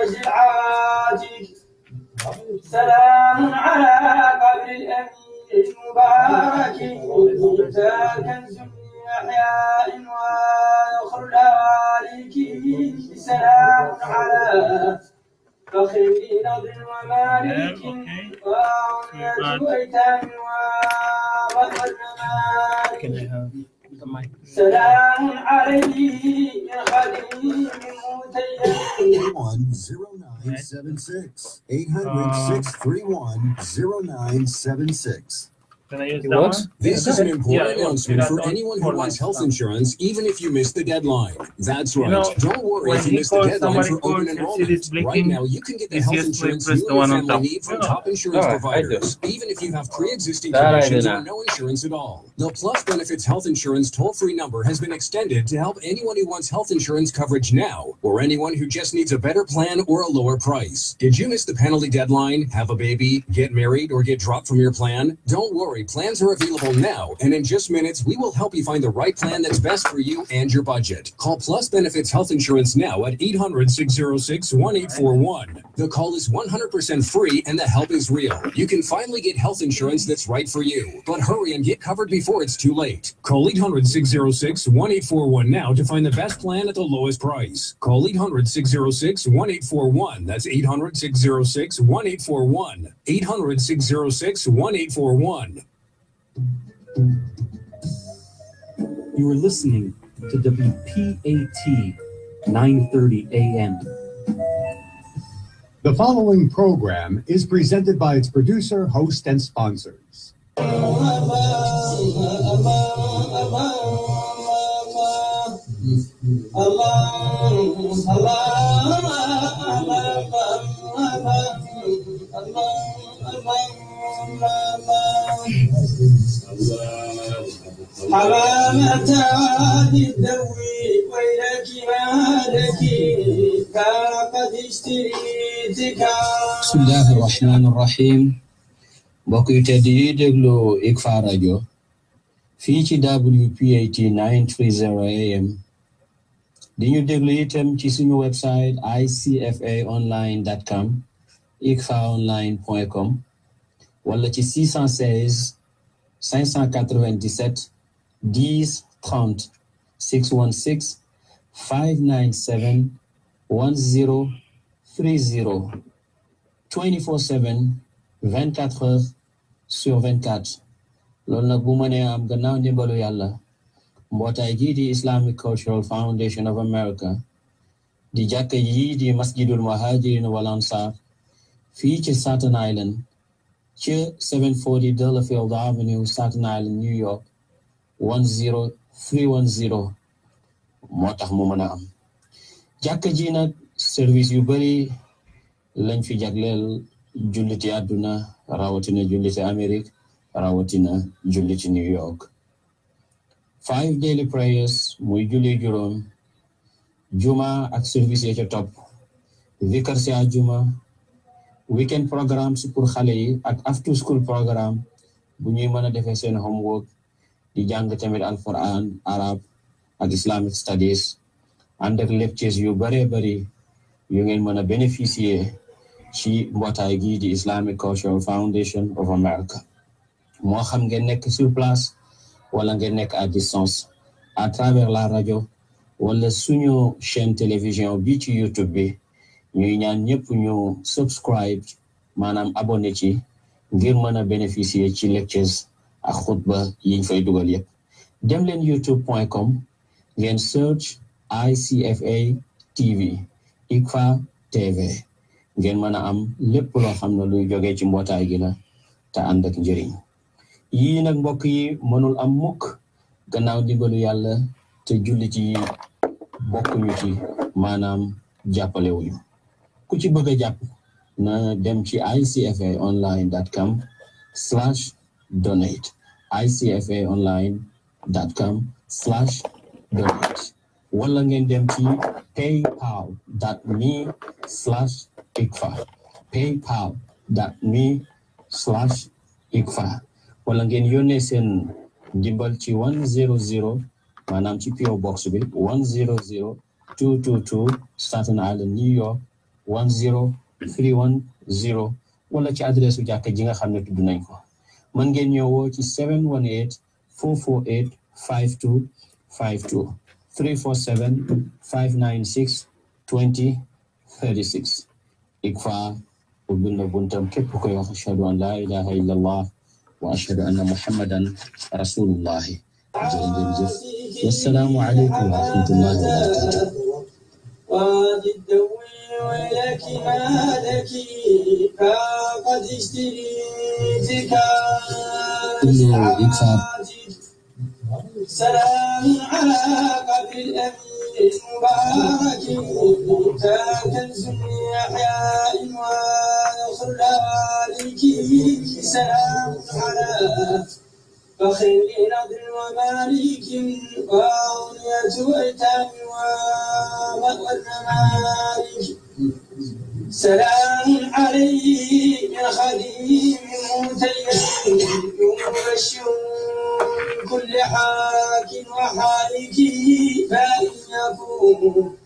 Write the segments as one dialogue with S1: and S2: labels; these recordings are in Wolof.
S1: مجعاتك سلام على قبر الأمين المبارك أنت كنز من أحياء وآخر الأوالك سلام على فخر بنضر ومالك وعنة أيتام وبطل ممالك the mic. Salam alayhi khadim mutayyib. 0976 800 631 0976. Can I use it that works? One? This yeah, is an important yeah, announcement for anyone who wants health time.
S2: insurance, even if you miss the deadline. That's right. You know, Don't worry if you miss the deadline for open enrollment. Right now, you can get the health insurance you and your top insurance providers, even if you have oh, pre-existing conditions or no insurance at all. The Plus Benefits Health Insurance toll-free number has been extended to help anyone who wants health insurance coverage now, or anyone who just needs a better plan or a lower price. Did you miss the penalty deadline, a February, plans are available now, and in just minutes, we will help you find the right plan that's best for you and your budget. Call Plus Benefits Health Insurance now at 800 606 1841. The call is 100% free, and the help is real. You can finally get health insurance that's right for you. But hurry and get covered before it's too late. Call 800 606 1841 now to find the best plan oh That's 800 606 1841. 800 You are listening to WPAT 930 AM. The following program is presented by its producer, host, and sponsors.
S1: على متى بالدوي ويلك مالك قد اشتريتك بسم الله الرحمن الرحيم mbokk
S3: yu tedd yi déglu ICFA rajo fii ci WPAT 930 AM di ñu déglu itam ci suñu website icfaonline.com icfaonline.com wala ci 616 597 10 30 616 597 1030 24/7 loolu nag bu ma nee am gannaaw ndimbalu yàlla mbootaay gii di Islamic Cultural Foundation of America di jàkka yi di masjidul muhajirin wal fii ci Staten Island ca 740 Delafield Avenue Staten Island New York 10310 moo tax mu mën a am jàkka ji nag service yu bari lañ fi julli julliti àdduna rawatina julli julliti Amérique rawatina julliti New York five daily prayers muy julli juróom juma ak service ya ca topp zikar si àjjuma weekend programme si pour xale yi ak after school programme bu ñuy mën a defee seen homework di jàng tamit alquran arab ak islamic studies ànd ak lectures yu bëree bëri yu ngeen mën a bénéficier ci mbootaay gi di Islamic Cultural Foundation of America moo xam ngeen nekk sur place wala ngeen nekk à distance à travers la radio wala suñu chaîne télévision bi ci YouTube bi ñuy ñaan ñëpp ñu subscribe maanaam abonné ci ngir mën a bénéficier ci lectures ak xutba yiñ fay dugal yëpp dem leen youtube point com ngeen search ICFA TV fa TV ngeen mën a am lépp loo xam ne luy jógee ci mbootaay gi la te ànd ak njëriñ yii nag mbokk yi mënul am mukk gannaaw dibalu yàlla te jullit yi bokkuñu ci maanaam jàppalewuñu ku ci bëgg a jàpp na dem ci ICFA online dot com slash donate ICFA wala ngeen dem ci paypal dot me slash ikfa paypal me slash wala ngeen yónnee seen ndimbal ci one zero zero maanaam ci PO box bi one zero zero two two two Staten Island New York one wala ci adresse u ji nga xam ne tudd nañ ko mën ngeen ñëw ci seven one eight four four eight five two five two three four seven five nine six twenty thirty six ikfa ubbil na buntam képp koy wax ashhadu an laa ilaha illa allah wa ashhadu anna muhammadan rasulullahi jërë ngeen jëf
S1: wassalaamu aleykum wa ولك ما لكي فقد اشتريتك سلام على قبر الأمير المبارك كان كنز يحيى ونصر ذلك سلام على فخر نضر ومالك وأغنية وإتام ومأوى الممالك سلام عليه من خديم متيم يمشي كل حاك وحالك فإن يكون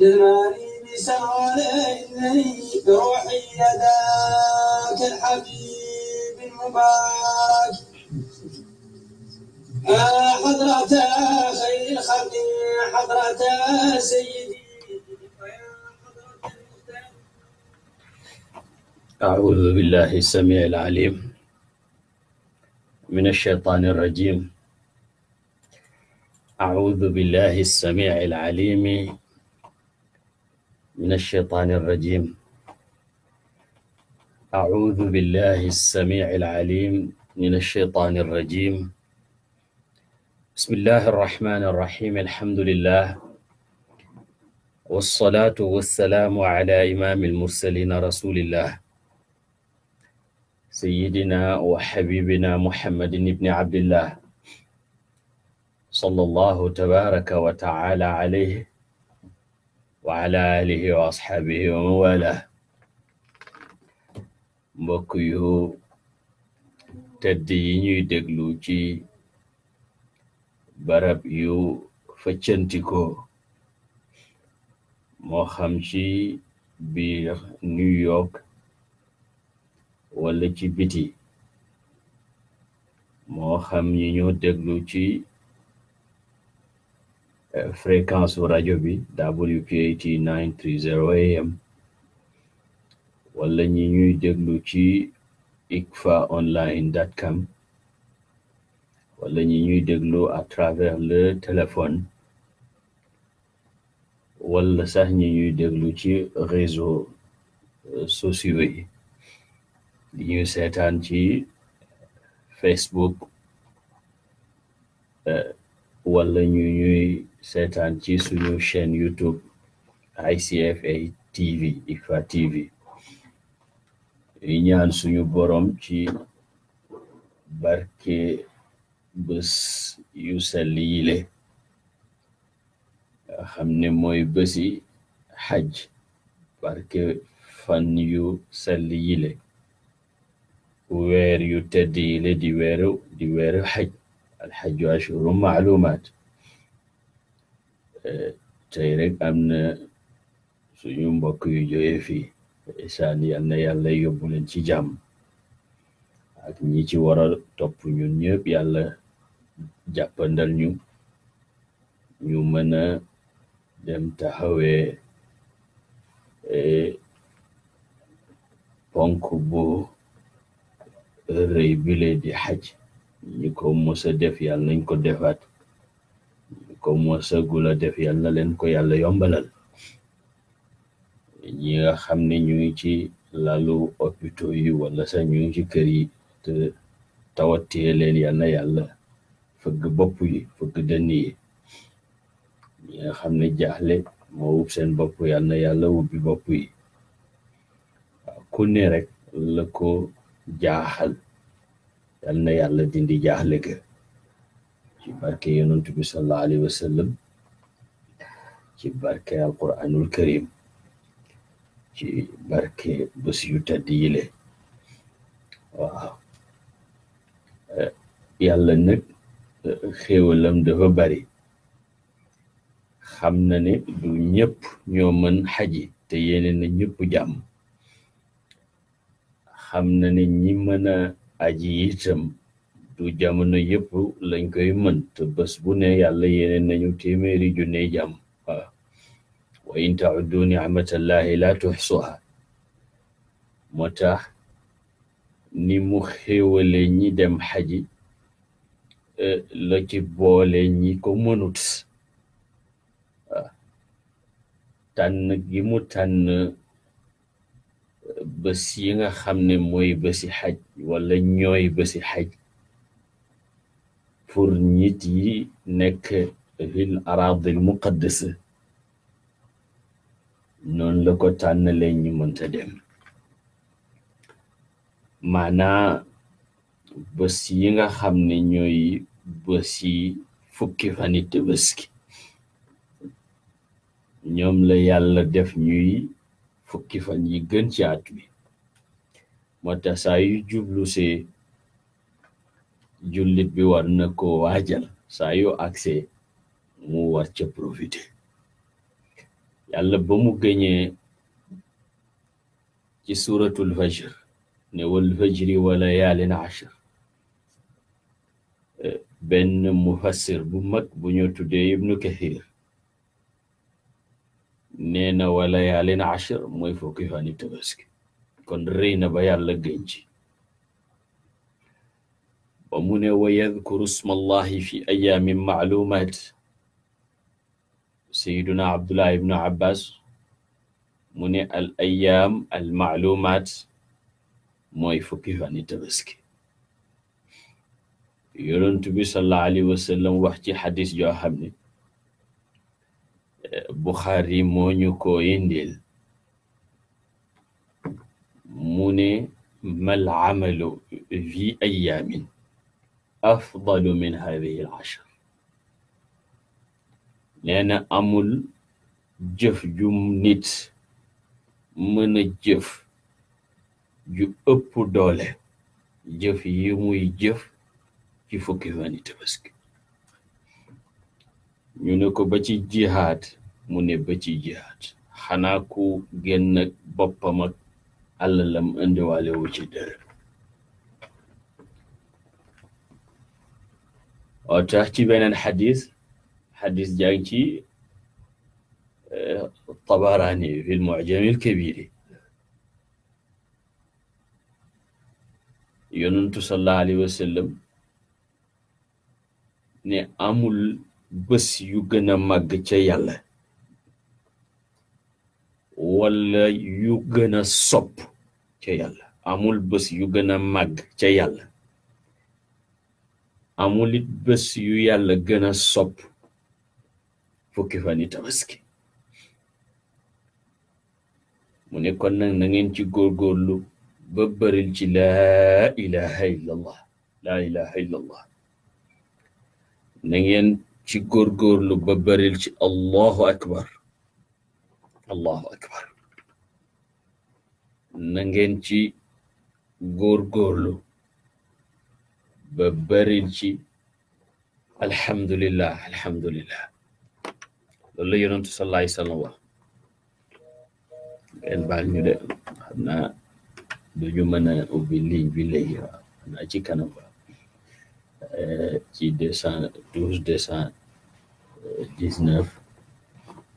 S1: جمالي بسالي روحي لداك الحبيب المبارك حضرة خير الخلق حضرة سيد
S3: أعوذ بالله السميع العليم من الشيطان الرجيم أعوذ بالله السميع العليم من الشيطان الرجيم أعوذ بالله السميع العليم من الشيطان الرجيم بسم الله الرحمن الرحيم الحمد لله والصلاة والسلام على إمام المرسلين رسول الله سيدنا وحبيبنا محمد بن عبد الله صلى الله تبارك وتعالى عليه وعلى آله وأصحابه ومن والاه mbokk yu tedd yi ñuy déglu ci barab yu fëccantikoo moo xam ci biir New York wala ci biti moo xam ñi ñu déglu ci eh, fréquence rajo bi WPAT 930 AM wala ñi ñuy déglu ci ikfa online dot com wala ñi ñuy déglu à travers le téléphone wala sax ñi ñuy déglu ci réseaux euh, sociaux li ñuy seetaan ci facebook wala ñu ñuy seetaan ci suñu chaîne youtube ICFA TV ICFA TV ñaan suñu borom ci barke bés yu sell yile nga ne mooy bési xaj barke fan yu sell yile weer yu tedd yi le di weeru di weeru xaj alxaju ashuru maalumaat eh, tey rek am na suñu mbokk yu jóge fii isaan yal na yàlla yóbbu leen ci jàmm ak ñi ci war a topp ñun ñëpp yàlla jàppandal ñu ñu mën a dem taxawee eh, ponk bu rëy bile di xaj ñi ko mosa def yàlla nañ ko defaat ñi ko mosa gula def yal na leen ko yàlla yombalal ñi nga xam ne ñu ngi ci lalu opito yi wala sax ñu ngi ci kër yi te tawattee leen yàlla na yàlla fëgg bopp yi fëgg dënn yi ñi nga xam ne jaaxle moo wub seen bopp yàlla na wubbi bopp yi ku rek la ko jaaxal yal na yàlla dindi jaaxle ga ci barke yonent bi sallallahu alayhi wa sallam ci barke alquranul karim ci barke bés yu tedd yile waaw eh, yàlla nag eh, xéewalam dafa bari xam na ne du ñëpp ñoo mën xaji te yéene na ñëpp jàmm xam na ne ñi mën a aji itam du jamono yëpp lañ koy mën te bés bu ne yàlla yeneen nañu téeméeri junne jàmm waaw wa in ta'uddu ni'matallahi la tuhsuha moo tax ni mu xéewale ñi dem xaji e, la ci boole ñi ko mënut waaw tànn gi mu tànn bés yi nga xam ne mooy bési xaj wala ñooy bési xaj pour nit yi nekk fil aradil muqaddasa noonu la ko tànnale ñu mënta dem maanaa bés yi nga xam ne ñooy bési fukki fani Tabaski ñoom la yàlla def ñuy fukki fan yi gën ci at mi moo saa yu jublu si jullit bi war na koo waajal saa ak agse mu war ca profité yàlla ba mu gëñee ci suratul fajr ne wal fajri wa layaalin ashr eh, benn mufassir bu mag bu ñu tuddee ibnu kathir nee na wala yaalin ashir mooy fukki fani tabaski kon rëy na ba yàlla gën ci ba mu ne wa yadkuru smallahi fi ayaamin maalumat sayiduna abdullah ibnu abbas mu ne al ayaam al maalumat mooy fukki fani tabaski yonent bi sallallahu alayhi wasallam wax ci xadis joo ne Bukhari moo ñu ko indil mu ne mal amalu fi ayaamin afdalu min hadihi al ashar neena amul jëf ju nit mën a jëf ju ëpp doole jëf yi muy jëf ci fukki fani tabaski ñu ne ko ba ci jihaad mu ne ba ci jihaat xanaa ku génn ak boppam ak àllalam indiwaale wu ci dërëm oo tax ci beneen xadis xadis jàng ci eh, tabarani fi lmujamil kabiri yonentu sallallahu alayhi wa ne amul bés yu gën a màgg ca yàlla walla yu gën a sopp ca yàlla amul bés yu gën a màgg ca yàlla amul it bés yu yàlla gën a sopp fukki fan yi tabaski mu ne kon nag na ngeen ci góorgóorlu ba bëril ci laa ilaha illallah laa ilaha illallah na ngeen ci góorgóorlu ba bëril ci allahu akbar allahu akbar na ngeen ci góorgóorlu ba baril ci alhamdulillah alhamdulillah loolu la yonentu sallallahu alayhi wasallam wax ngeen baal ñu de xam naa duñu mën a ubbi ligne bi léegi naa ci kanam waaw euh, ci deux cent douze deux cent dix quatre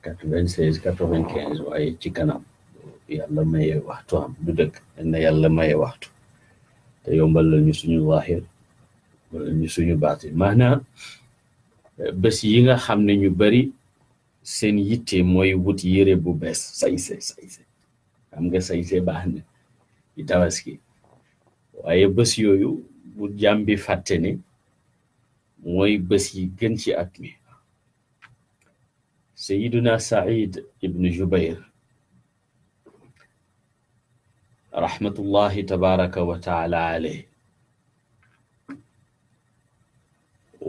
S3: quatre-vingt-seize quatre-vingt-quinze waaye ci kanam yàlla maye waxtu am du dëgg na yàlla maye waxtu te yombal la ñu suñu waaxir ñu suñu baati maanaam eh, bës yi nga xam ne ñu bari seen yitte mooy wut yére bu bees sañse sañse xam nga sañse baax na ci tabaski waaye bés yooyu bu jàmbi fàtte ne mooy bés yi gën ci at mi sayiduna said ibnu jubair rahmatullahi tabaraka wa taala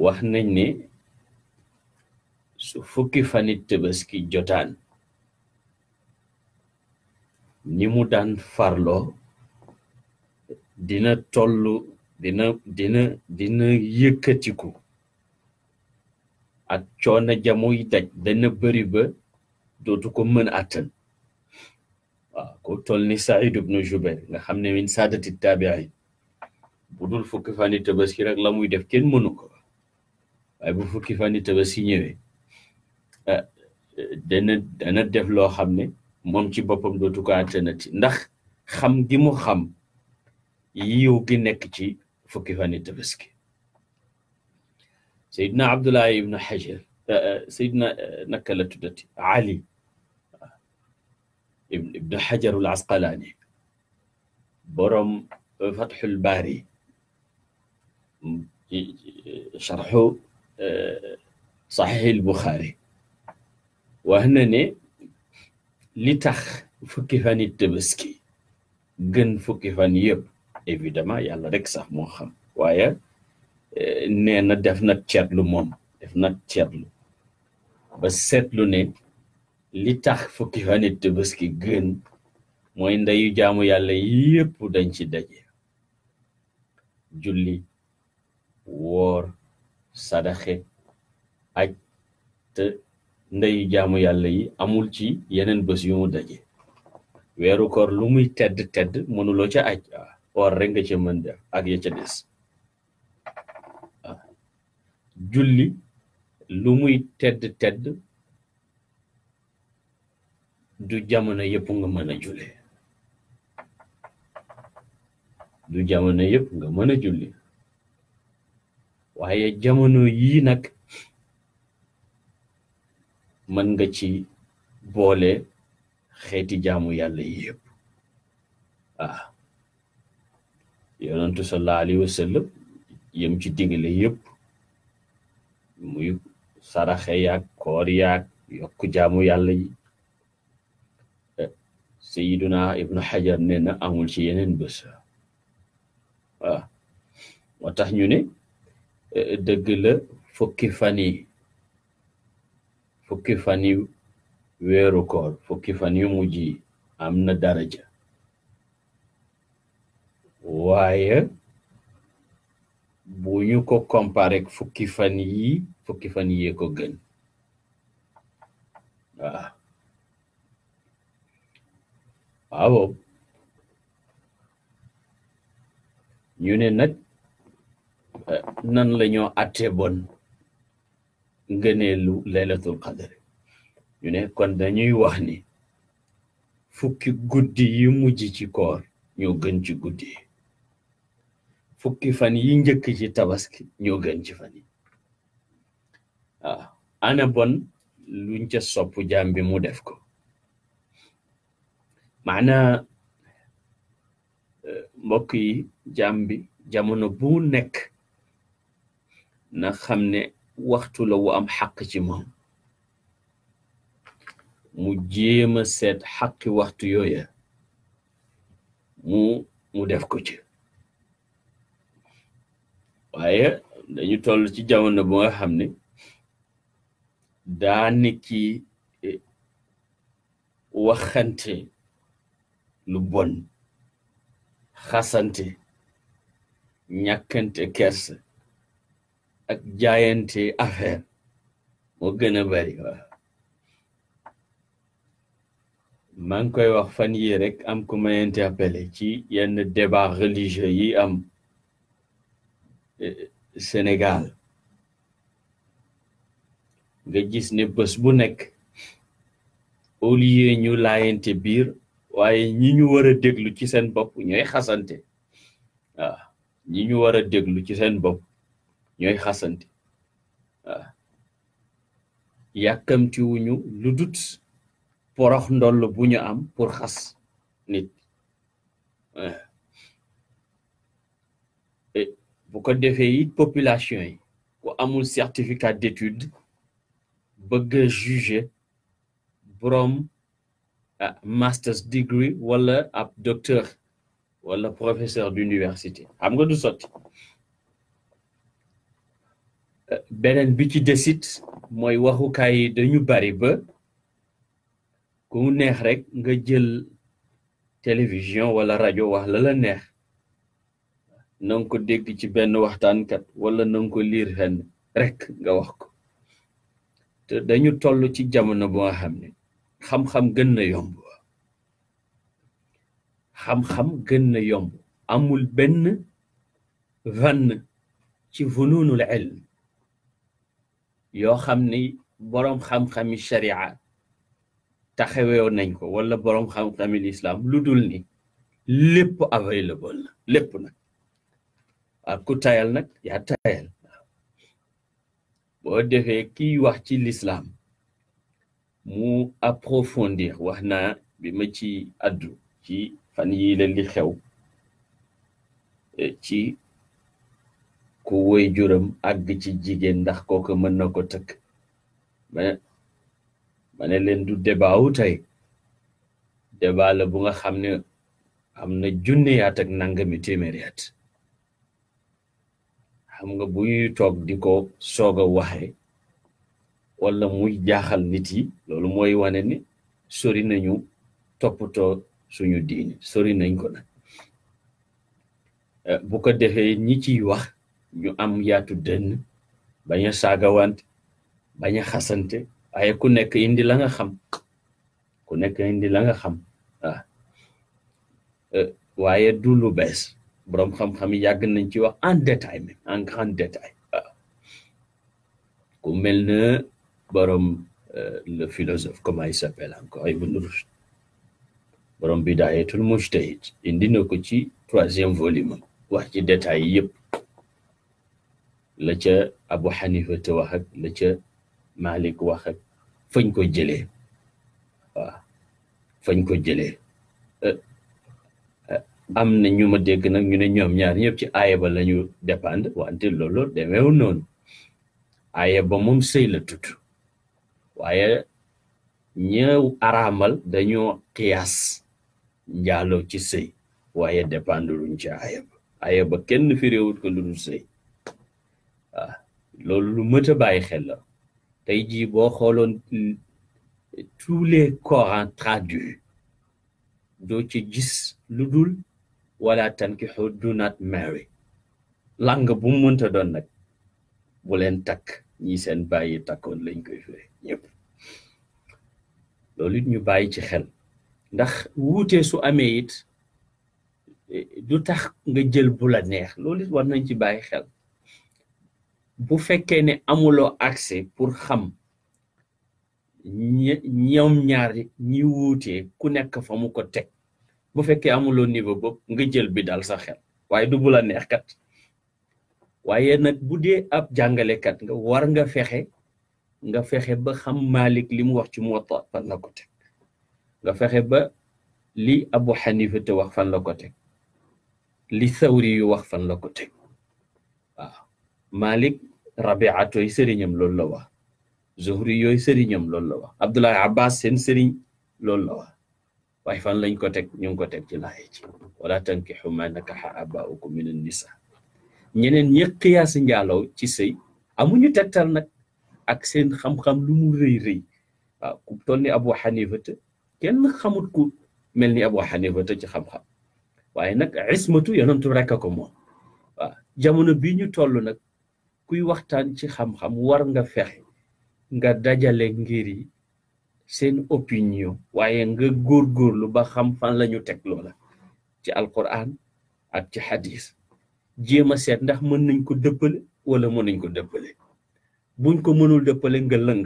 S3: wax nañ ne su fukki fanit tëbaski jotaan ni mu daan farloo dina tollu dina dina dina yëkkatiku ak coono jamuy daj dana bari ba dootu ko mën àttan waaw ku tol ni Saïd ibnu Jubair nga xam ne min saadati taabiin bu dul fukki fani tabaski rek la muy def kenn mënu ko waaye bu fukki fani tabaski ñëwee ah, dana def loo xam ne moom ci boppam dootu ko attanati ndax xam gi mu xam yiw gi nekk ci fukki fani tabaski Seydina Abdullahi ibnu Hajar eh, eh, Seydina eh, naka la tuddati Ali ibnu xajarul asqalaani borom fatxul baari sharxu e, saxiixil buxaari wax na ne li tax fukki fani tabaski gën fukki fan yëpp évidemment yàlla rek sax moo xam waaye e, nee na def na ceetlu moom def na ceetlu ba seetlu ne li tax fukki fan it Tabaski gën mooy ndeyu jaamu yàlla yépp dañ ci daje julli woor sadaxe aj te ndeyu jaamu yàlla yi amul ci yeneen bés yu mu daje weeru koor lu muy tedd tedd mënuloo ca aj ah, woor rek nga ca mën def ak ya ca des ah, julli lu muy tedd tedd du jamono yépp nga mën a julli du jamono yépp nga mën a julli waaye jamono yii nag mën nga ci boole xeeti jaamu yàlla yi yëpp ah yonantu alayhi wa yem ci digale yépp muy saraxe yaag koor yaag yokk jaamu yàlla yi sayiduna ibnu xajar na amul ci yeneen bés waaw moo tax ñu ne eh, dëgg la fukki fan fukki fan yi weeru koor fukki fan yu mujj am na daraja waaye bu ñu ko comparé fukki fan yi fukki fan yee ko gën waaw waaw ñu ne nag nan lañoo ñoo atte bon ngëneelu laylatul qadr ñu kon dañuy wax ni fukki guddi yi mujj ci koor ñoo gën ci guddi fukki fan yi njëkk ci tabaski ñoo gën ci fan yi waaw ana bon luñ ca sopp jaam bi mu def ko maanaa eh, mbokk yi jàmm jamono bu nekk na xam ne waxtu la am xaq ci moom mu jéem a seet xaqi waxtu yooya mu mu def ko ci waaye dañu toll ci jamono bu nga xam ne daa nekki eh, waxante lu bon xasante ñàkkante kes ak jaayante affaire moo gën a bari waaw ngi koy wax fan yi rek am ku may interpellé ci yenn débat religieux yi am eh, senegal nga gis ne bés bu nekk au lieu ñu laayante biir waaye ñi ñu war a déglu ci seen bopp ñooy xasante waaw ñi ñu war a déglu ci seen bopp ñooy xasante waaw yàkkamti wuñu lu dut porox ndoll bu ñu am pour xas nit e, bu ko defee it population yi ku amul certificat d'étude bëgg a juger boroom Ah, master's degree wala ab docteur wala professeur d'université xam nga du sotti eh, beneen bi ci desit mooy waxukaay yi dañu bari ba ku neex rek nga jël télévision wala rajo wax lala neex na ko dégg ci benn waxtaankat wala na ko liir fenn rek nga wax ko te dañu toll ci jamono bu nga xam ne xam-xam gën na yomb xam-xam gën na yomb amul benn vann ci fununul ilm yoo xam ni boroom xam-xami sharia taxawee nañ ko wala boroom xam-xami lislaam lu dul ni lépp available na lépp nag ak ku tayal nag yaa tayal boo defee kiy wax ci lislaam mu approfondir wax naa bi ci addu ci fan yii la xew eh, ci ku woy juram àgg ci jigéen ndax kooku mën na ko tëkk ma ma leen du débat tey débat bu nga xam ne am na junniyaat ak nangami téeméeri at xam nga bu ñuy toog di ko soog a waxe wala muy jaaxal nit yi loolu mooy wane ni sori nañu toppatoo suñu diine sori nañ ko nag eh, bu ko defee ñi ciy wax ñu am yaatu dënn bañ a saagawante bañ a xasante waaye ku nekk indi la nga xam ku nekk indi la nga xam waaw eh, waaye du lu bees boroom xam-xam yi yàgg nañ ci wax en détail même en grand détail ku mel na borom eh, le philosophe comment il s'appelle encore Ibn Rushd borom bidaayatul mujtahid indi na ko ci troisième volume wax ci détails yëpp la ca Abu Hanifa te wax la ca Malik wax ak fañ ko jëlee waaw fañ ko jëlee eh, eh, am na ñu ma dégg nag ñu ne ñoom ñaar ñëpp ci aaya ba la ñu dépendre wante loolu demeewul noonu aaya ba moom sëy la tudd waaye ñëw araamal dañoo xiyaas njaaloo ci sëy waaye dépendruñ ci aaya ba kenn fi réewut ko lu dul sëy loolu lu mët a bàyyi xel la tey jii boo xooloon tous les Corans traduits ci gis lu dul wala tankixu do not marry lang bu mënta doon nag bu leen takk ñi seen bàyyi takkoon lañ koy firee ñëpp loolu it ñu bàyyi ci xel ndax wuute su amee it du tax nga jël bu la neex loolu war nañ ci bàyyi xel bu fekkee ne amuloo accès pour xam ñoom ñaar ñi wuutee ku nekk fa mu ko teg bu fekkee amuloo niveau bopp nga jël bi dal sa xel waaye du bu la neex kat waaye nag bu dee ab jàngalekat nga war nga fexe nga fexe ba xam Malik li mu wax ci Muwatta fan la ko teg nga fexe ba li Abu Xanifa te wax fan la ko teg li Sawri yu wax fan la ko teg waaw Malik Rabiatoy sëriñam loolu la wax Zuhri yooyu sëriñam loolu la wax Abdullah Abbas seen sëriñ loolu la wax fan lañ ko teg ñu ngi ko teg ci laay ci wala tankixu ma nakaxa abaukum min nisa ñeneen ñi xiyaasi njaaloo ci sëy amuñu tegtal nag ak seen xam-xam lu mu rëy rëy waaw ku toll ni Abu Hanifa te kenn xamut ku mel ni Abu Hanifa te ci xam-xam waaye nag ismatu yonentu rek ko moom waaw jamono bii ñu toll nag kuy waxtaan ci xam-xam war nga fexe nga dajale ngir yi seen opinion waaye nga lu ba xam fan lañu ñu loola ci alquran ak ci hadis jéem a seet ndax mën nañ ko dëppale wala mën nañ koo dëppale buñ ko mënul dëppale nga lëng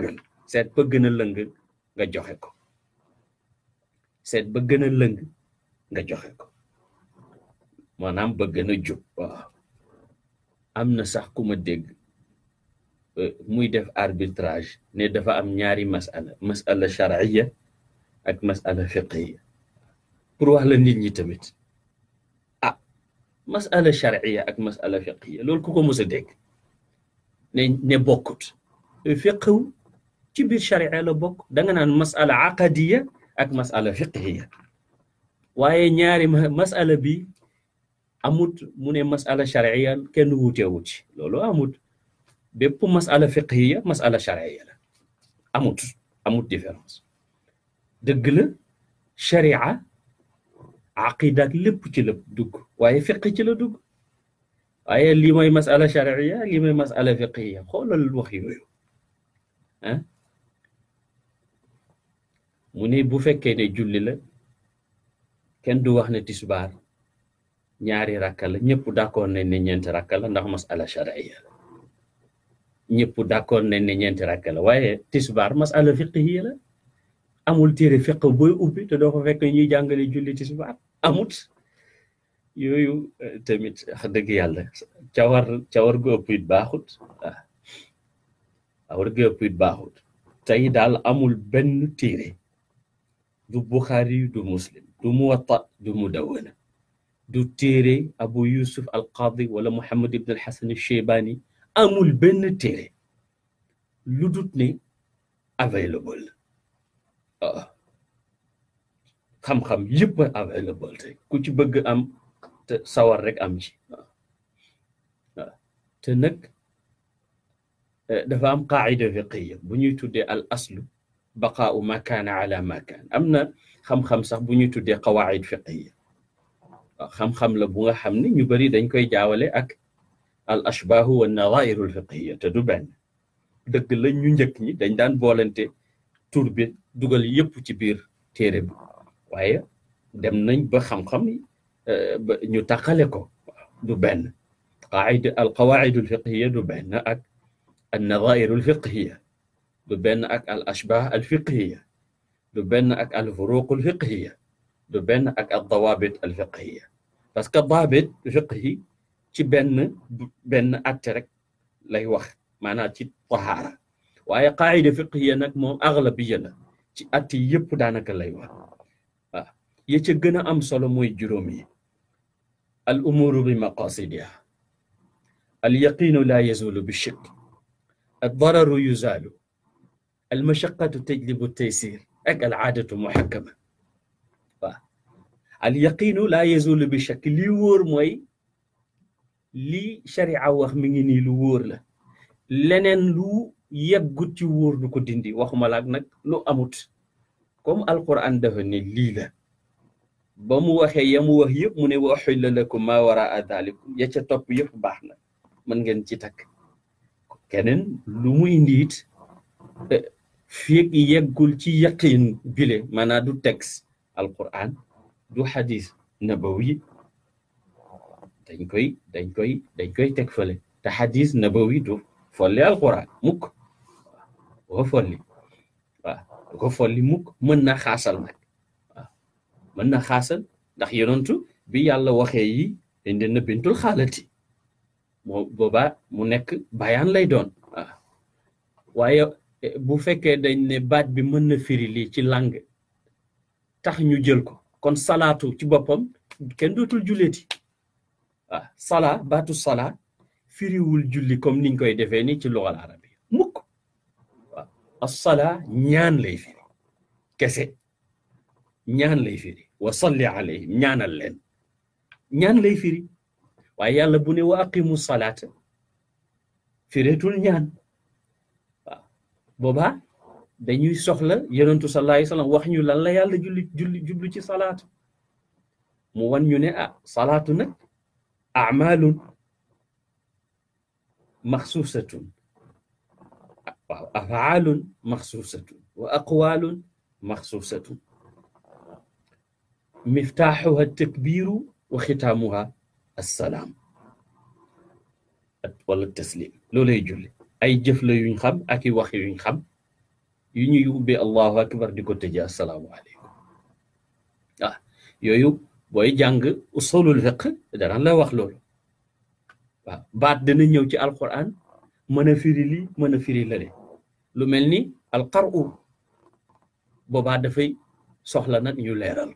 S3: seet ba gën a lëng nga joxe ko seet ba gën a lëng nga joxe ko maanaam ba gën a jub waaw am na sax ku ma dégg euh, muy def arbitrage ne dafa am ñaari masala masala charia ak masala fiqiya pour wax la nit ñi tamit masala charia ak masala fiqiya loolu ku ko mos a dégg ne ne bokkut fiqhu ci biir charia la bokk da nga naan masala aqadiya ak masala fiqiya waaye ñaari masala bi amut mu ne masala charia kenn wuutewu ci loolu amut bépp masala fiqiya masala charia la amut amut différence dëgg la charia aqida ak lépp ci la dugg waaye fiq ci la dug waaye lii mooy masala charia lii mooy masala fiqiya xoolal wax yooyu ah mu ne bu fekkee ne julli la kenn du wax ne tisbaar ñaari rakka la ñëpp d'accord nañ ne ñeenti rakka la ndax masala charia la ñëpp d'accord nañ ne ñeenti rakka la waaye tisbaar masala fiqiya la amul téere fiq booy ubbi te doo ko fekk ñuy jàngale julli tisbaar amut yooyu eh, tamit wax dëgg yàlla cawar cawar gu ëpp it baaxut ah cawar gu ëpp baaxut tey daal amul benn téere du Bukhari du Muslim du Muwatta du Mudawwana du téere Abu Yusuf al Qadi wala Muhammad ibn al Hasan al amul benn téere lu dut available xam-xam yëpp a ku ci bëgg am sawar rek am ci te nag eh, dafa am qaida bu ñuy tuddee al aslu baqaau ma kaana am na xam-xam sax bu ñuy tuddee qawaid fiqiya waaw xam-xam la bu nga xam ne ñu bari dañ koy jaawale ak al ashbahu wa nadairu al fiqiya te du benn dëgg la ñu njëkk ñi dañ daan boolante tur bi dugal yépp ci biir téere bi waaye dem nañ ba xam-xam euh, ba ñu tàqale ko du benn qaaid al qawaidu alfiqhiya du benn ak al nadairu alfiqhiya du benn ak al ashbah alfiqhiya du benn ak al furuq alfiqhiya du benn ak al dawabit alfiqhiya parce que daabit fiqhi ci benn benn atte rek lay wax maanaam ci tahaara waaye qaaida fiqhiya nag moom aglabiya la ci atte yëpp daanaka lay wax ya ca gën a am solo mooy juróom yi al umuru bi maqasidiha al yaqinu la yazulu bi shik ad dararu yuzalu al mashaqatu tajlibu taysir ak al aadatu muhakkama waaw al yaqinu la yazulu bi shak lii wóor mooy lii sharia wax mi ngi nii lu wóor la leneen lu yeggut ci wóor lu ko dindi waxuma laak nag lu amut comme alquran dafa ne lii la ba mu waxee ya mu wax yëpp mu ne wa uxilla lakum maa waraa daalikum ya ca topp yëpp baax na mën ngeen ci takk keneen lu muy indi it fiig ci yaqin bile maanaam du texte alquran du xadis nabawi dañ koy dañ koy dañ koy teg te xadis nabawi du folli alquran mukk du ko folli waaw folli mukk mën na xaasal nag mën na xaasal ndax yonantu bi yàlla waxee yi dañ den na bintul xaalati moo boobaa mu nekk bayaan lay doon waaw waaye e, bu fekkee dañ ne baat bi mën na firi lii ci langue tax ñu jël ko kon salaatu ci boppam kenn dootul julleeti waaw sala baatu sala firiwul julli comme niñ koy defee nii ci luxal arabi mukk waaw as ñaan lay firi kese ñaan lay firi wa salli alayhim ñaanal leen ñaan lay firi waaye yàlla bu ne wa aqimu salaata fireetul ñaan waaw boobaa dañuy soxla yonentu sallallahu alayhi wasallam wax ñu lan la yàlla julli julli jublu ci salaatu mu wan ñu ne ah salaatu nag amalun maxsuusatun waaw afaalun maxsuusatun wa aqwalun maxsuusatun miftaaxuha takbiru wa xitaamuha assalaam wala taslim loolay julli ay jëfla yuñ xam ak i wax yuñ xam yu ñuy ubbee allahu akbar di ko tëjee assalaamu aleykum yooyu booy jàng usulul fiq danaan la wax loolu waaw baat dana ñëw ci alquran mën a firi lii lu mel ni alqaru boobaa dafay soxla nag ñu leeral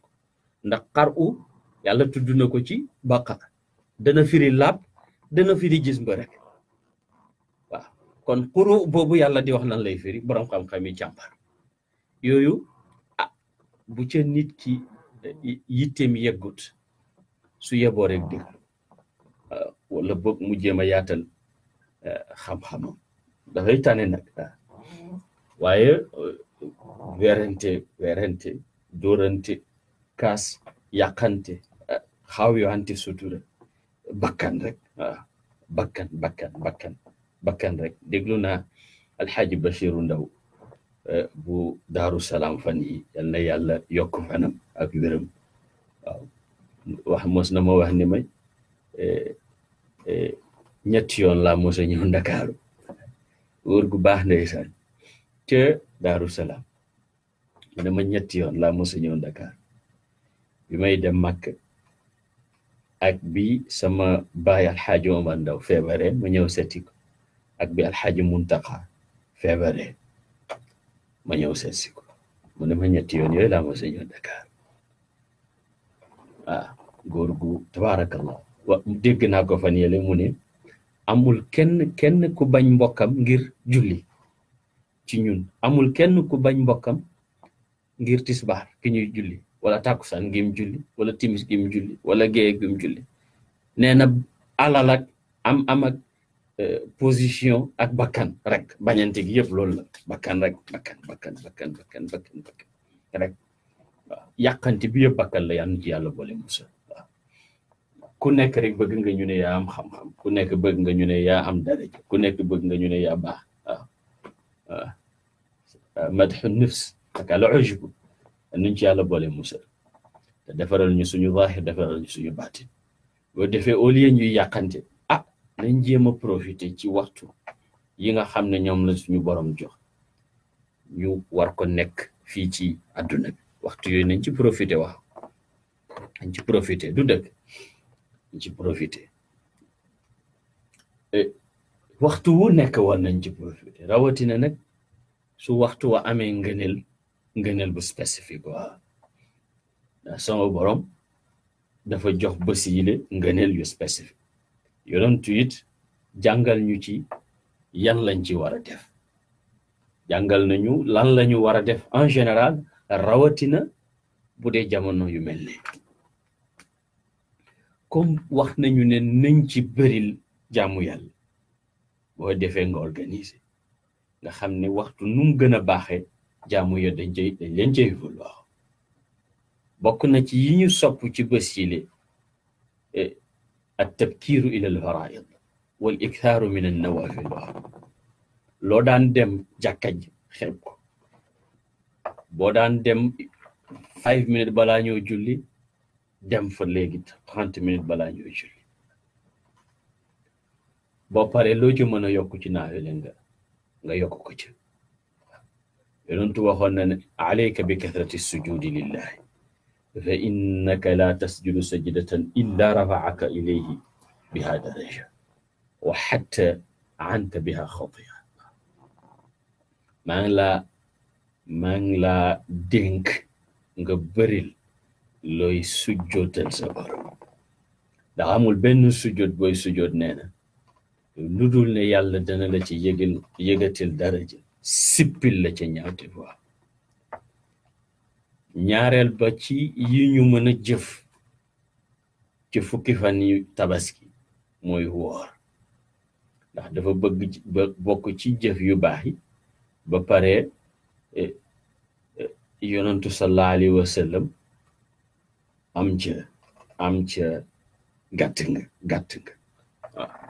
S3: ndax xar u yàlla tudd na ko ci baqara dana firi laab dana firi gis ba rek waaw kon xuru boobu yàlla di wax na lay firi borom xam-xam yi càmbar yooyu ah bu ca nit ki eh, yitteem yeggut su yebo rek di ah, wala boog mu jéem a yaatal eh, xam-xamam dafay tane nag ah. waaye eh, werante werante dóorante kaas yàqante xaaw yoante sutura bakkan rek bakkan bakkan bakkan bakkan rek déglu naa alxaaji Bachiru Ndaw eh, bu daaru salaam fan yi yal yàlla yokk fanam ak wéram waaw wax mos na ma wax ni may eh, eh, ñetti yoon la mos a ñëw ndakaaru wóor gu baax ndeysaan te daaru salaam mu ne ma ñetti yoon laa mos a ñëw bi may dem màkk ak bi sama bay alxaaji Omar Ndaw feebare ma ñëw seeti ko ak bi alxaaji Muntaqa feebare ma ñëw seeti ko mu ne ma ñetti yoon yooyu laa ma sa Dakar waaw góor gu tabaarakallah naa ko fan yële mu ne amul kenn kenn ku bañ mbokkam ngir julli ci ñun amul kenn ku bañ mbokkam ngir tisbaar ki ñuy julli wala tàkkusaan gi mu julli wala timis gi mu julli wala géye gi nee na alal am am ak e, position ak bakkan rek bañante gi yëpp loolu bakkan rek bakkan bakkan bakkan bakkan rek waaw yàqante bi yëpp bakkan la yàlla ci yàlla boole nekk rek bëgg nga ñu ne yaa am xam-xam ku nekk bëgg nga ñu ne yaa am daraja ku nekk bëgg nga ñu ne yaa baax waaw waaw madxu nañ ci yàlla boole musal te defaral ñu suñu zaahir defaral suñu baatin boo defee au lieu ñuy yàqante ah nañ jéem a profité ci waxtu yi nga xam ne ñoom la suñu borom jox ñu war ko nekk fii ci àdduna bi waxtu yooyu nañ ci profité wax nañ ci profité du dëkk nañ profité eh, waxtu wu nekk war nañ ci profité rawatina nag su waxtu wa amee ngëneel ngëneel bu spécifique waaw sama borom dafa jox bés ngëneel yu spécifique yonentu it jàngal ñu ci yan lañ ci war a def jàngal nañu lan lañu war a def en général rawatina bu dee jamono yu mel ne comme wax nañu ne nañ ci bëril jaamu yàlla boo defee nga organiser nga xam ne waxtu nu mu gën a baaxee jaamu yo da cey dañ leen cey ful bokk na ci yi ñu sopp ci bés yi le eh, at tabkiiru ila al faraid wal ikthaaru min an nawafil waaw loo daan dem jàkka ji xeeb ko boo daan dem five minutes balaa ñoo julli dem fa léegi trente minutes balaa ñoo julli boo paree loo ci mën a yokk ci naawe leen nga nga ko ci yonentu waxoon na ne alayka bi kathrati sujudi lillahi fa innaka la tasjudu sajdatan illa rafaaka ilayhi biha daraja wa xatta anka biha xatia maa ngi laa maa ngi laa dénk nga bëril looy sujjootal sa borom ndax amul benn sujjoot booy sujjoot nee na lu dul ne yàlla dana la ci yëgal yëgatil daraja sippil la ca ñaawteef waaw ñaareel ba ci yi ñu mën a jëf ci fukki fan yu tabaski mooy woor ndax dafa bëgg ba bokk ci jëf yu baax yi ba pare eh, eh, yonantu sallallahu alayhi wa sallam am ca am ca gàtt nga gàtt nga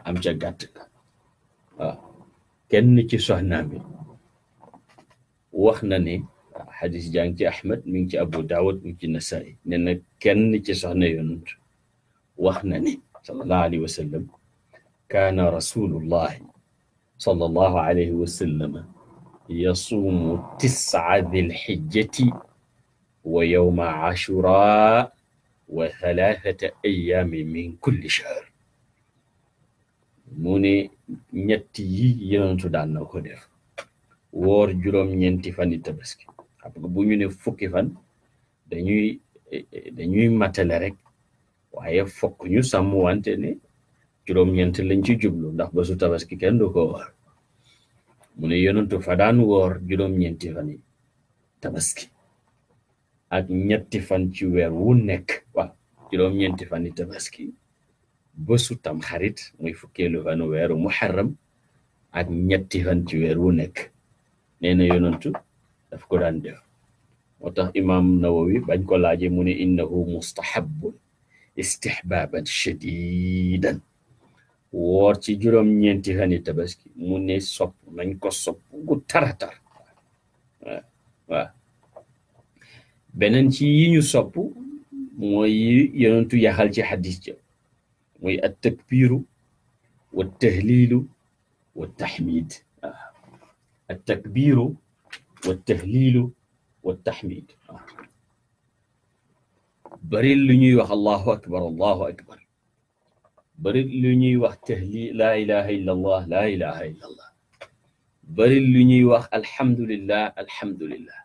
S3: am ca gàtt nga waaw kenn ci soxnaam bi wax na ne xadis jàng ci ahmad mi ngi ci abu daawud mi ngi ci ne na kenn ci soxna wax na ne sallallahu alayhi wa sallam kaana rasulullahi sallallahu alayhi wa sallama yasuumu wa yowma ashura wa thalathata ayaami min kulli shahr mu ne ñett yi yonentu daan na ko def woor juróom-ñeenti fan yi tabaski xam nga bu ñu ne fukki fan dañuy matele matale rek waaye fokk ñu sàmm wante ne juróom-ñeent lañ ci jublu ndax basu su tabaski kenn du ko woor mu ne yonentu woor juróom-ñeenti fan tabaski ak ñetti fan wu nekk waaw juróom bësu tam xarit muy fukkeelu fanu weeru muharram ak ñetti fan ci weer wu nekk nee na daf ko daan def moo tax imam nawawi bañ ko laaje mu ne innahu mustahabun istihbaban shadidan woor ci juróom ñeenti xani tabaski mu ne sopp nañ ko sop gu taratar waaw waaw beneen ci yi ñu sopp mooy yonentu yaxal ci xadis ja muy at takbiru wa tahlilu wa tahmid التكبير والتهليل والتحميد bari lu ñuy wax allahu akbar allahu akbar bari lu ñuy wax tahlil laa ilaha illa allah laa ilaha illa allah bari lu ñuy wax alhamdulillah alhamdulillah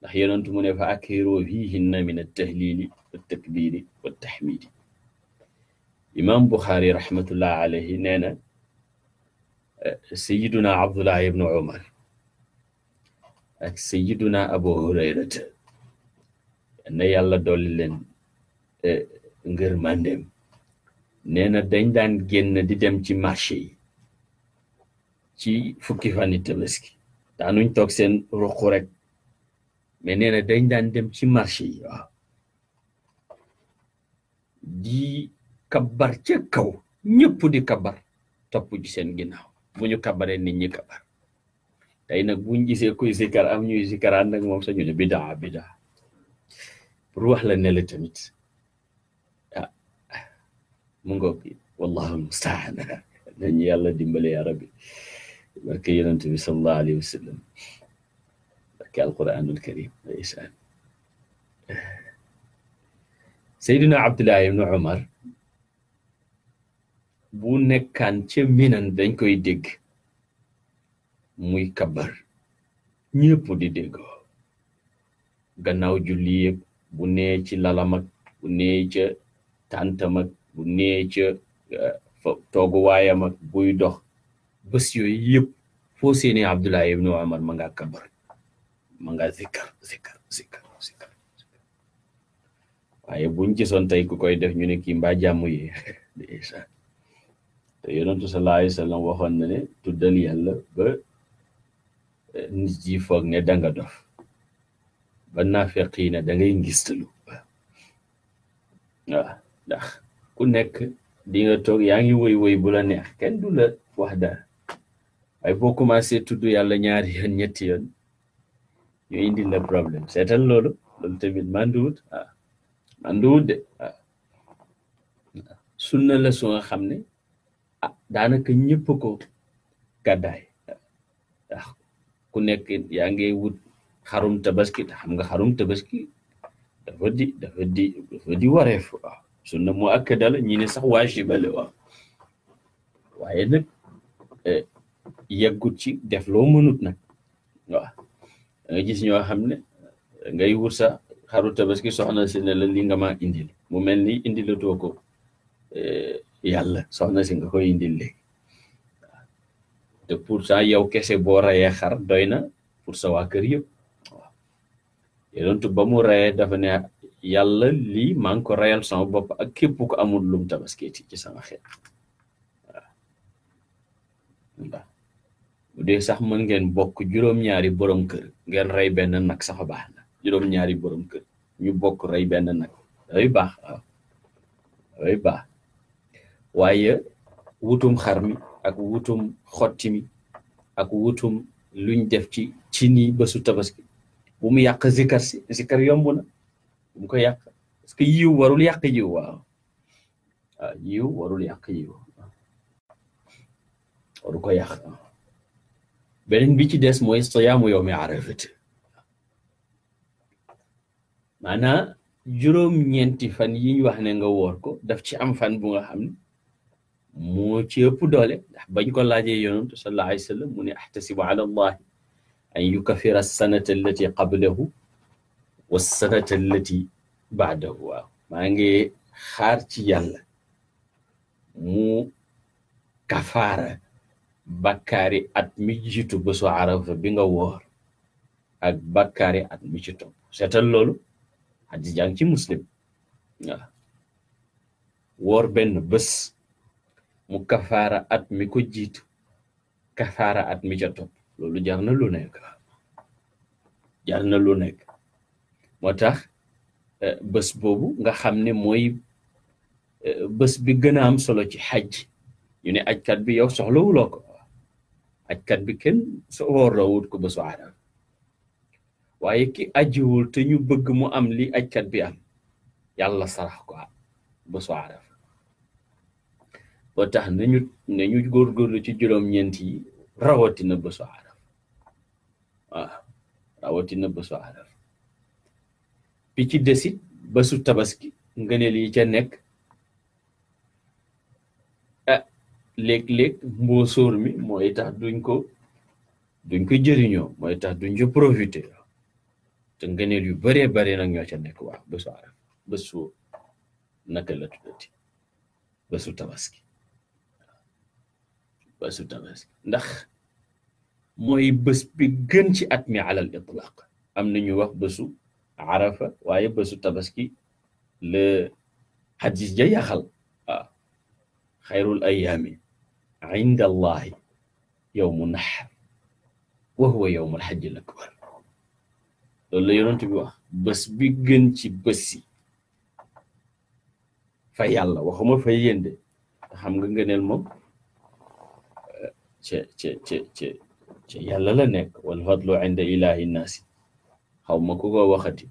S3: ndax yonentu mu ne fa akiroo fiihinna min altahlili waltakbiri waltaxmidi imam buxaari rahmatullah alayhi nee na sayiduna abdullah ibnu umar ak sayiduna abu hurayrata na yàlla dolli leen e, ngër dañ daan génn di dem ci marché yi ci fukki fani tabaski daanuñ toog seen ruqu rek mais nee na dañ daan dem ci marché yi waaw di kabbar ca kaw ñëpp di kabbar topp ci seen ginnaaw bu ñu kabaree nit ñi kabar tey nag buñ gisee kuy zikar am ñuy zikaraan nag moom sañu ne bidaa bidaa pour wax la ne la tamit ah mu ngoog wallahu mustaan nañu yàlla dimbale ya rabbi barke yonent bi sallallahu alayhi wa sallam barke alquranul karim ndeysaan bu nekkaan ca minan dañ koy dégg muy kabar ñëpp di déggoo gannaaw julli yëpp bu nee ci lalam bu nee ca tàntam bu nee ca uh, tooguwaayam ak buy dox bés yooyu yëpp foo seeni Abdullah ibnu Omar ma kabar ma nga zikkar zikkar zikkar zikkar waaye buñ ku koy def ñu ne kii mbaa jàmm te yonentu sallallahu alayhi wa sallam waxoon na ne tuddal yàlla ba eh, nit foog ne danga dof ba naafeq yi ne da ngay ku nekk di nga toog yaa ngi woy woy bu la neex kenn du la wax dara tudd yàlla ñaari yoon ñetti yoon ñu indi la problème seetal loolu loolu tamit manduwut ah manduwut de ah sunna la su nga xam ne ah daanaka ñëpp ko gàddaay ku nekk yaa ngi wut xarum tabaski xam nga xarum tabaski dafa di dafa di wareef sunna mu akkada la ñi ne sax waajiba la waaw waaye nag eh, yeggut ci def loo mënut nag waaw da gis ñoo xam ne ngay wut sa xaru tabaski soxna si ne la li nga ma indil mu mel ni indilatoo ko eh, yàlla soxna si nga koy indil léegi te pourtant yow kese boo rayee xar doy na pour sa waa kër yëpp waaw yonent ba mu rayee dafa ne yàlla lii maa ngi ko reyal sama bopp ak képp ko amul lum tabaskeeti ci sama xeet waaw bu dee sax mën ngeen bokk juróom-ñaari borom kër ngeen rey benn nag sax baax na juróom-ñaari borom kër ñu bokk rey benn nag dafay baax waaw baax waaye wutum xarmi ak wutum xotti ak wutum luñ def ci ci nii bésu tabaski bu mu yàq zikar si zikar na bu mu ko yàq parce que yiw warul yàq yiw waaw waaw ah, yiw warul yàq yiw waru ko yàq beneen bi ci des mooy siyaamu yawmi arafat maanaam juróom-ñeenti fan yi ñu wax ne nga woor ko daf ci am fan bu nga xam ne moo ci ëpp doole bañ ko laajee yonantu sallallahu alayhi wa sallam mu ne ahtasibu ala allahi an yukafira sanata allati qablahu wa sanata allati baadahu waaw maa ngi xaar ci yàlla mu kafaara bakkaari at mi jiitu bésu bi nga woor ak bakkaari at mi ci topp seetal loolu xadis jàng ci muslim woor benn bés mu kafara at mi ko jiitu kafaara at mi ca topp loolu jar na lu nekk jar na lu nekk moo tax eh, bës boobu nga xam ne mooy eh, bés bi gën a am solo ci xaj ñu ne ajkat bi yow soxlawuloo ko ajkat bi kenn so woorlawut ko bésu adam waaye ki ajiwul te ñu bëgg mu am li ajkat bi am yàlla sarax ko bésu adam ba tax nañu nañu góorgóorlu ci juróom-ñeent yi rawatina bésu araf waaw rawatina bésu araf bi ci desit bésu tabaski ngëneel yi ca nekk ah léeg-léeg mbóosóor mi mooy tax duñ ko duñ ko jëriñoo mooy tax duñ ko profité te ngëneel yu bare bare nag ñoo ca nekk waaw bésu araf bésu tabaski bésu tabaski ndax mooy bés bi gën ci at mi alal itlaq am na ñu wax bésu arafa waaye bésu tabaski le xadis ja yaxal waaw xayrul ayaami inda allahi yowmu naxar wa huwa yowmul xajjil akbar loolu la yonent bi wax bés bi gën ci bés yi fa yàlla waxuma fa yénde xam nga ngëneel moom ce ce ce ce yàlla nekk wal fadlu inda ilahi naasi xaw ma ku ko waxati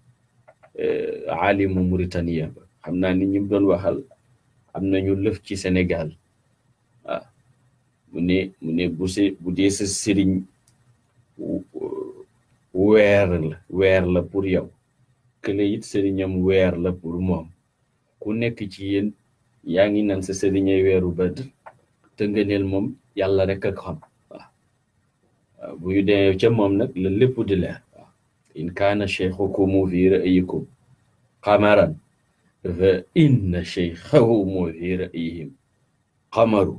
S3: eh, alimu Mauritania ba xam naa ni ñim doon waxal am nañu lëf ci Sénégal waaw ah, bu se sëriñ weer weer la pour yow kële it sëriñam weer la pour moom ku nekk ci yéen yaa ngi naan sa sëriñay weeru Badr te ngëneel moom yàlla rek ak xam waaw bu ñu demee ca moom nag la lépp di leer waaw in kaana cheikhukumu fi ra'yikum qamaran fa inna cheikhahumu fi ra'yihim qamaru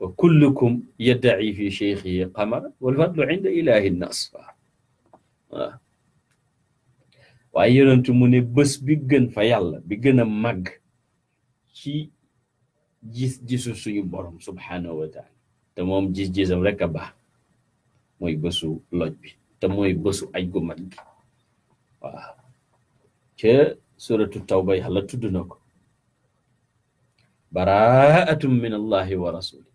S3: wa kullukum yaddaci fi cheikhihi qamara walfadlu inda ilahi nnas waaw waaw waaye yonentu mu ne bés bi gën fa yàlla bi gën a màgg ci gis-gisu suñu borom subhanahu wa taala te moom gis-gisam rek a baax mooy bësu loj bi te mooy bësu aj gu mag gi waaw ca suratu tawba yàlla tudd na ko baraatum min allahi wa rasuli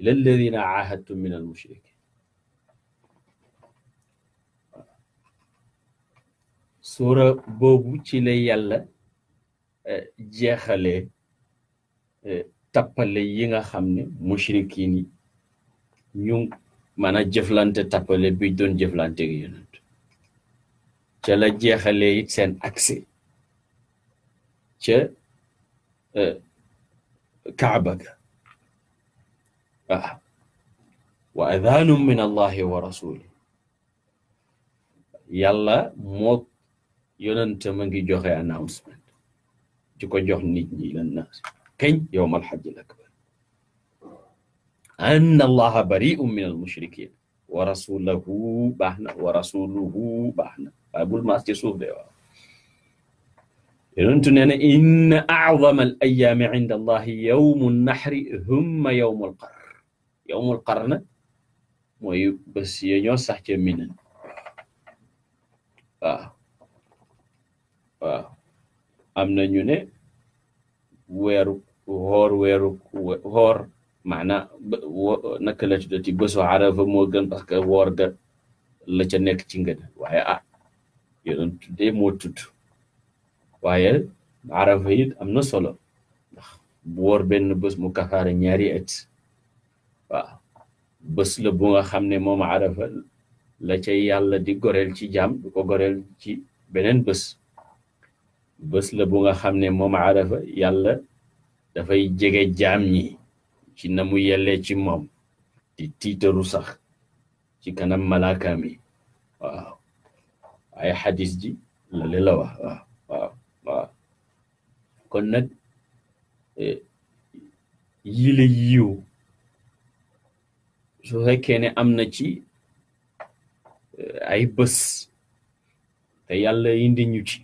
S3: ila alladina ahadtum yàlla eh, jeexalee Euh, tappale yi nga xam ne mushrikin yi ñu mën jëflante tappale bi doon jëflante ak yonent ca la jeexalee it seen accès ca euh, kaaba ga waaw wa adhanum min allahi wa rasuli yàlla moo yonent ma ngi joxe announcement di ko jox nit ñi naas kañ yowmal xajjil akbar anna allaha bariun min al mushrikin wa rasulahu baax na wa rasuluhu baax na waaye bul maas ci suuf de waaw yonentu nee na inna acdama al ayaami inda allahi yowmu naxri humma yowmu alqar yowmu alqar na mooy bés ya ñoo sax ca mina waaw waaw am na ñu ne weeru xoor weeru xoor maana naka la tuddati bésu arafa moo gën parce que woor ga la ca nekk ci ngën waaye ah yonent de moo tudd waaye arafa it am na solo ndax bu woor benn bés mu kafaara ñaari at waaw bés la bu nga xam ne moom arafa la ca yàlla di goreel ci jaam du ko ci beneen bës bës la bu nga xam ne moom arafa yàlla dafay jege jaam ñi ci na mu yellee ci moom di sax ci kanam malaakaam yi waaw ay xadis ji lale la wax waaw waaw kon nag yile eh, yiw su fekkee ne am na ci eh, ay bés te yàlla indi ñu ci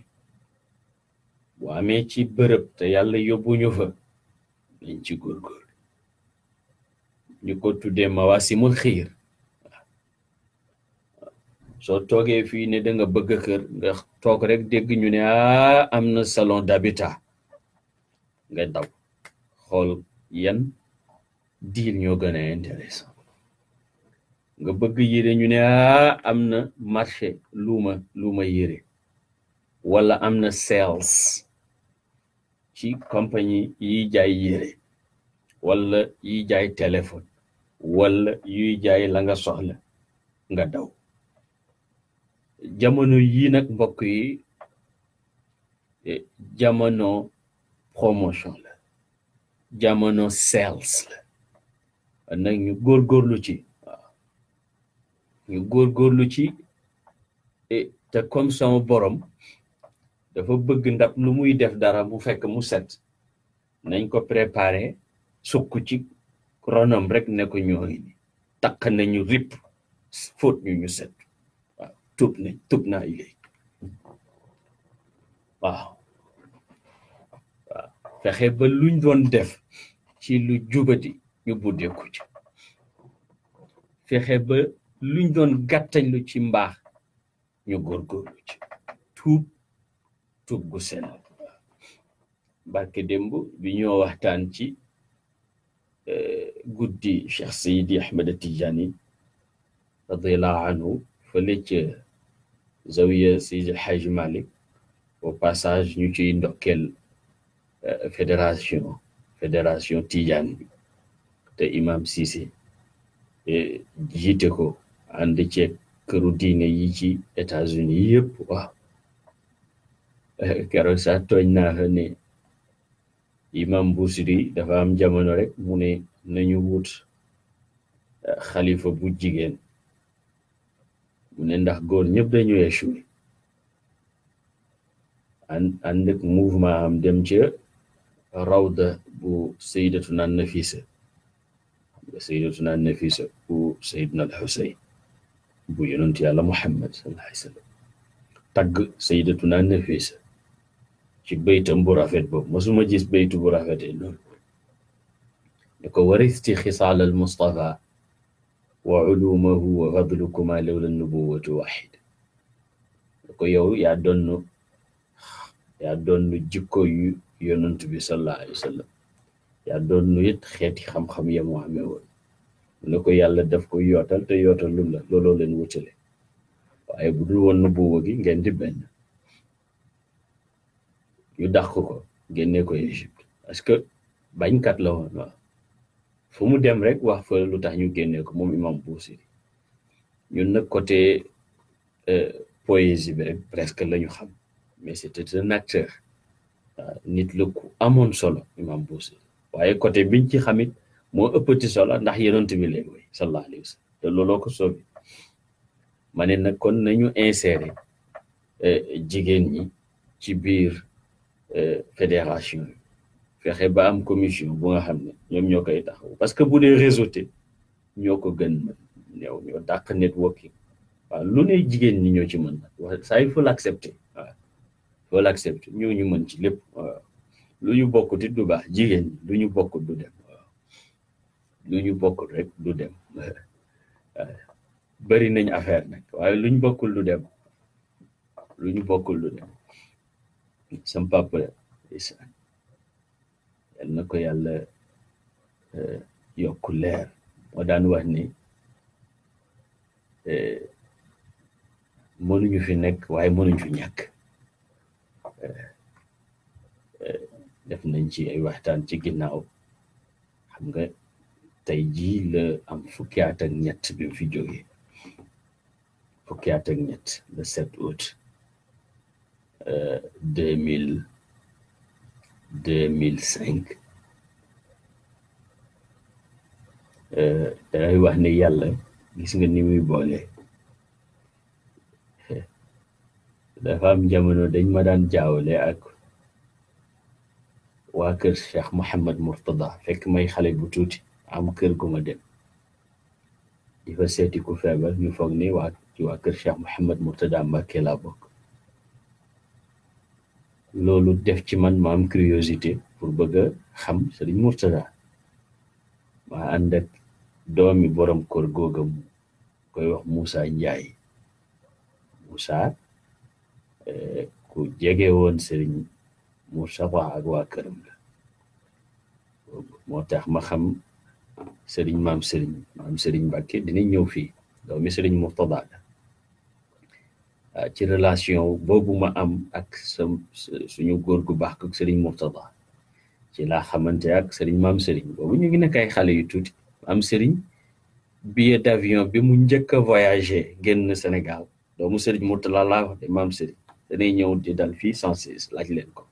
S3: bu amee ci bërëb te yàlla yóbbu fa dañ ci góorgóor ñu ko tuddee mawaasimul xiir soo toogee fi ne danga bëgg kër nga toog rek dégg ñu ne ah, am na salon d'habitat nga daw xool yan diir ñoo gën a intéressant nga bëgg yére ñu ne ah, am na marché luuma luuma yére wala am na sales ci compagnie yiy jaay yére wala yiy jaay téléphone wala yuy jaay la nga soxla nga daw jamono yii nag mbokk yi eh, jamono promotion la jamono sales la nag ñu góorgóorlu ci waaw ñu góorgóorlu ci eh, te comme sama borom dafa bëgg ndab lu muy def dara mu fekk mu set nañ ko préparer sukk ci ronam rek ne ko ñooy takk nañu rip fóot ñu ñu set waaw tub na tub naa ilay waaw fexe ba luñ doon def ci lu jubati ñu buddeeku ci fexe ba luñ doon gàttañ lu ci mbaax ñu góorgóorlu ci tuub tub gu barke démb bi ñoo waxtaan ci euh, guddi Cheikh Seydi Ahmed Tijani radiallahu anhu fële ca zawiya Seydi El Hadji Malick au passage ñu ciy ndokkeel euh, fédération fédération Tijani bi te imam jiite ko ànd ceeg këru diine yi ci États-Unis yëpp Eh, keroog sax tooñ naa ne imam Busiri dafa am jamono rek mu ne nañu wut eh, xalifa bu jigéen mu ne ndax góor ñëpp dañu échoué an ànd ak am dem ci rawda bu sayyidatuna Nafisa sayyidatuna Nafisa bu sayyidna al Xuseyn bu yonent yàlla Muhammad sallallahu alayhi wa sallam Nafisa ci baytam bu rafet boobu masuma gis baytu bu rafete noonu da ko waristi xisaalal mustafa wa ulumahu wa fadlukuma lawla nubuwatu waxida da ko yow yaa donnu yaa jikko yu yonant bi sallallahu alayhi wa sallam yaa donnu it xeeti xam-xam ya mu amee ko yàlla def ko yootal te yootalul la looloo leen wutale waaye bu dul woon nubuwa gi ngeen di benn ñu dàq ko génne ko Égypte parce que bañkat la woon waaw fu mu dem rek wax fa lu tax ñu génne ko moom imam Buusiri ñun nag côté euh, poésie bi rek presque la ñu xam mais c'était un acteur nit la ku amoon solo imam Buusiri waaye côté biñ ci xamit moo ëppati solo ndax yonent bi lay woy sallallahu alayhi wa te looloo ko soobi ne nag kon nañu insérer euh, jigéen ñi ci biir fédération fexe ba am commission bu nga xam ne ñoom ñoo koy tax parce que bu dee réseauté ñoo ko gën mën ñoo ñoo dàq networking waaw lu ne jigéen ñi ñoo ci mën wax ça il faut l'accepter waaw ñoo ñu mën ci lépp lu ñu bokk it du baax jigéen ñi lu ñu bokk du dem lu ñu bokkut rek du dem bari nañ affaire nag waaye lu ñu bokkul du dem lu ñu bokkul du dem sam papa ndeysaan na ko yàlla eh, yokku leer moo daan wax ni eh, mënuñu fi nekk waaye mënuñu fi ñàkk eh, def nañ ci ay waxtaan ci ginnaaw xam nga tey jii la am fukki at ak ñett bi fi jógee fukki at ak ñett le sept deux mille deux mille cinq euh, dangay wax ne yàlla gis nga ni muy boole dafa am jamono dañ ma daan jaawale ak waa kër Cheikh Mohammad Murtada fekk may xale bu tuuti am kër gu ma dem di fa seeti ku feebar ñu foog ne waa ci waa kër Cheikh Mohammad Murtada Mbàkke laa bokk loolu def ci man ma am curiosité pour bëgg a xam Sëriñ Murtada ma ànd doomi borom kër googa mu koy wax Moussa Njaay Moussa euh, ku jege woon Sëriñ Murtada ak waa la moo tax ma xam Sëriñ maam Sëriñ maam Sëriñ dinañ ñëw fii doomi Sëriñ Murtada la Euh, ci relation boobu ma am ak sa suñu góor gu baax ak sëriñ Murtada ci laa xamante ak sëriñ maam sëriñ boobu ñu ngi nekk ay xale yu tuuti am sëriñ billet avion bi mu njëkk a voyagé génn
S1: Sénégal doomu sëriñ Murtada laa wax maam sëriñ danay ñëw di dal fii sans laaj leen ko